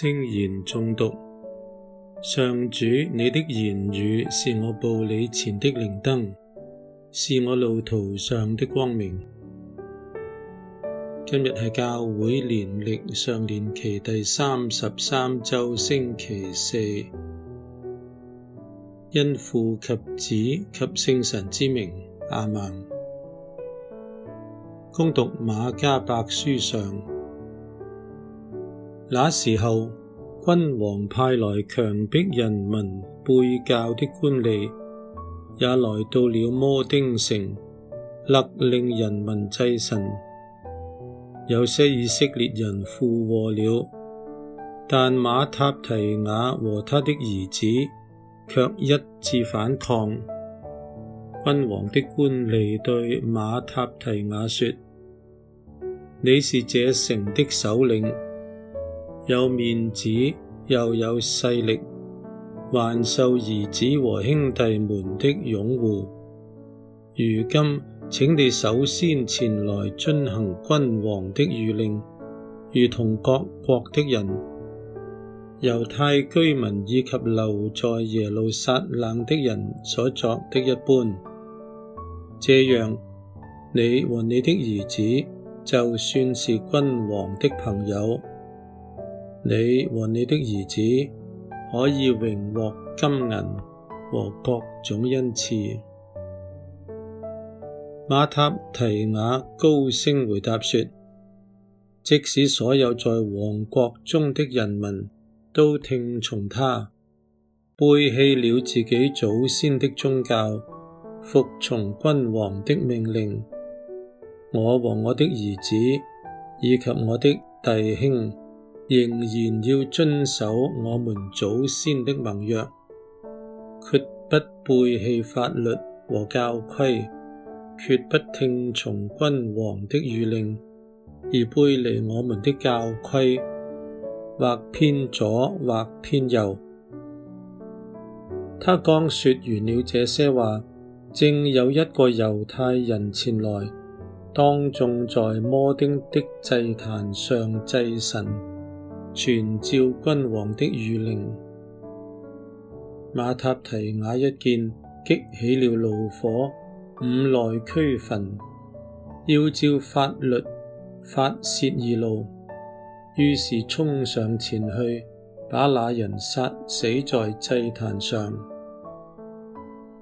聖言中毒上主，你的言語是我布你前的靈燈，是我路途上的光明。今日係教會年歷上年期第三十三周星期四，因父及子及聖神之名，阿孟公讀馬加百書上。那時候，君王派來強迫人民背教的官吏，也來到了摩丁城，勒令人民祭神。有些以色列人附和了，但馬塔提亞和他的兒子却一致反抗。君王的官吏對馬塔提亞說：你是這城的首領。有面子又有勢力，還受兒子和兄弟們的擁護。如今，請你首先前來遵行君王的諭令，如同各國的人、猶太居民以及留在耶路撒冷的人所作的一般。這樣，你和你的兒子就算是君王的朋友。你和你的兒子可以榮獲金銀和各種恩賜。馬塔提亞高聲回答說：即使所有在王國中的人民都聽從他，背棄了自己祖先的宗教，服從君王的命令，我和我的兒子以及我的弟兄。仍然要遵守我們祖先的盟約，絕不背棄法律和教規，絕不聽從君王的諭令，而背離我們的教規，或偏左，或偏右。他剛說完了這些話，正有一個猶太人前來，當眾在摩丁的祭壇上祭神。全照君王的諭令，馬塔提雅一見，激起了怒火，五內俱焚，要照法律發洩義怒，於是衝上前去，把那人殺死在祭壇上。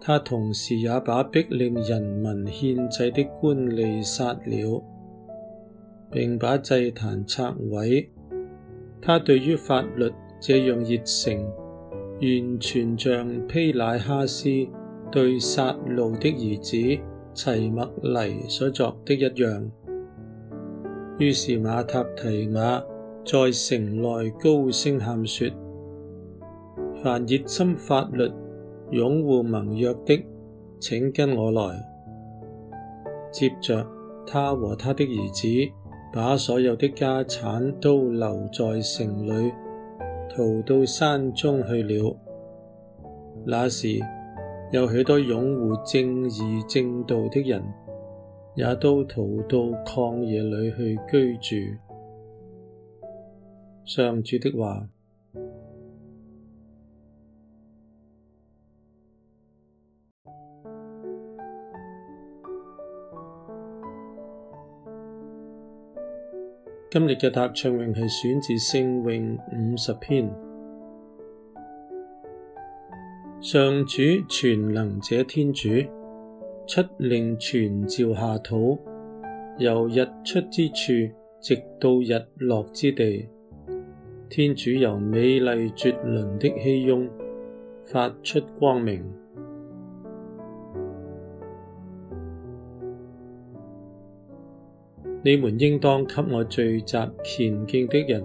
他同時也把迫令人民獻祭的官吏殺了，並把祭壇拆毀。他對於法律這樣熱誠，完全像丕乃哈斯對撒路的兒子齊默黎所作的一樣。於是瑪塔提雅在城內高聲喊說：「凡熱心法律、擁護盟約的，請跟我來。接着，他和他的兒子。把所有的家產都留在城裏，逃到山中去了。那時，有許多擁護正義正道的人，也都逃到曠野裏去居住。上主的話。今日嘅答唱詠係選自聖詠五十篇，上主全能者天主，出令傳召下土，由日出之處直到日落之地，天主由美麗絕倫的熙雍發出光明。你們應當給我聚集虔敬的人，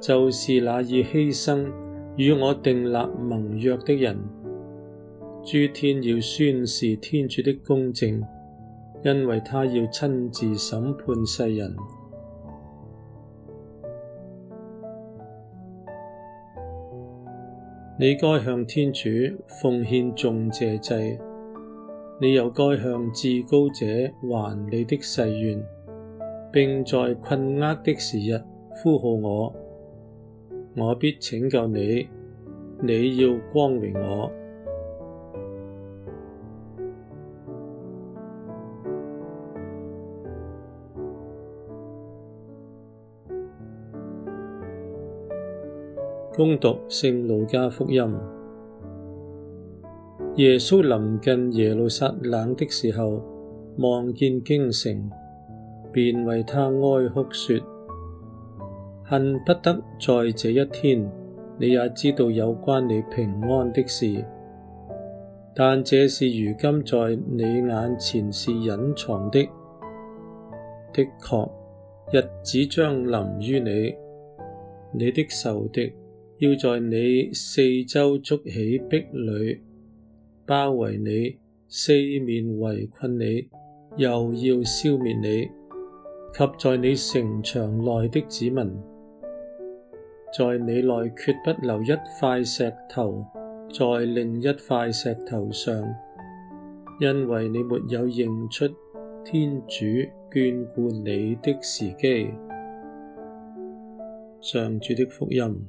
就是那以犧牲與我訂立盟約的人。諸天要宣示天主的公正，因為他要親自審判世人。你該向天主奉獻頌謝祭，你又該向至高者還你的誓願。並在困厄的時日呼號我，我必拯救你。你要光榮我。恭讀聖路加福音。耶穌臨近耶路撒冷的時候，望見京城。便為她哀哭，說：恨不得在這一天，你也知道有關你平安的事。但這事如今在你眼前是隱藏的。的確，日子將臨於你，你的仇敵要在你四周築起壁壘，包圍你，四面圍困你，又要消滅你。及在你城牆內的子民，在你內決不留一塊石頭在另一塊石頭上，因為你沒有認出天主眷顧你的時機。上主的福音。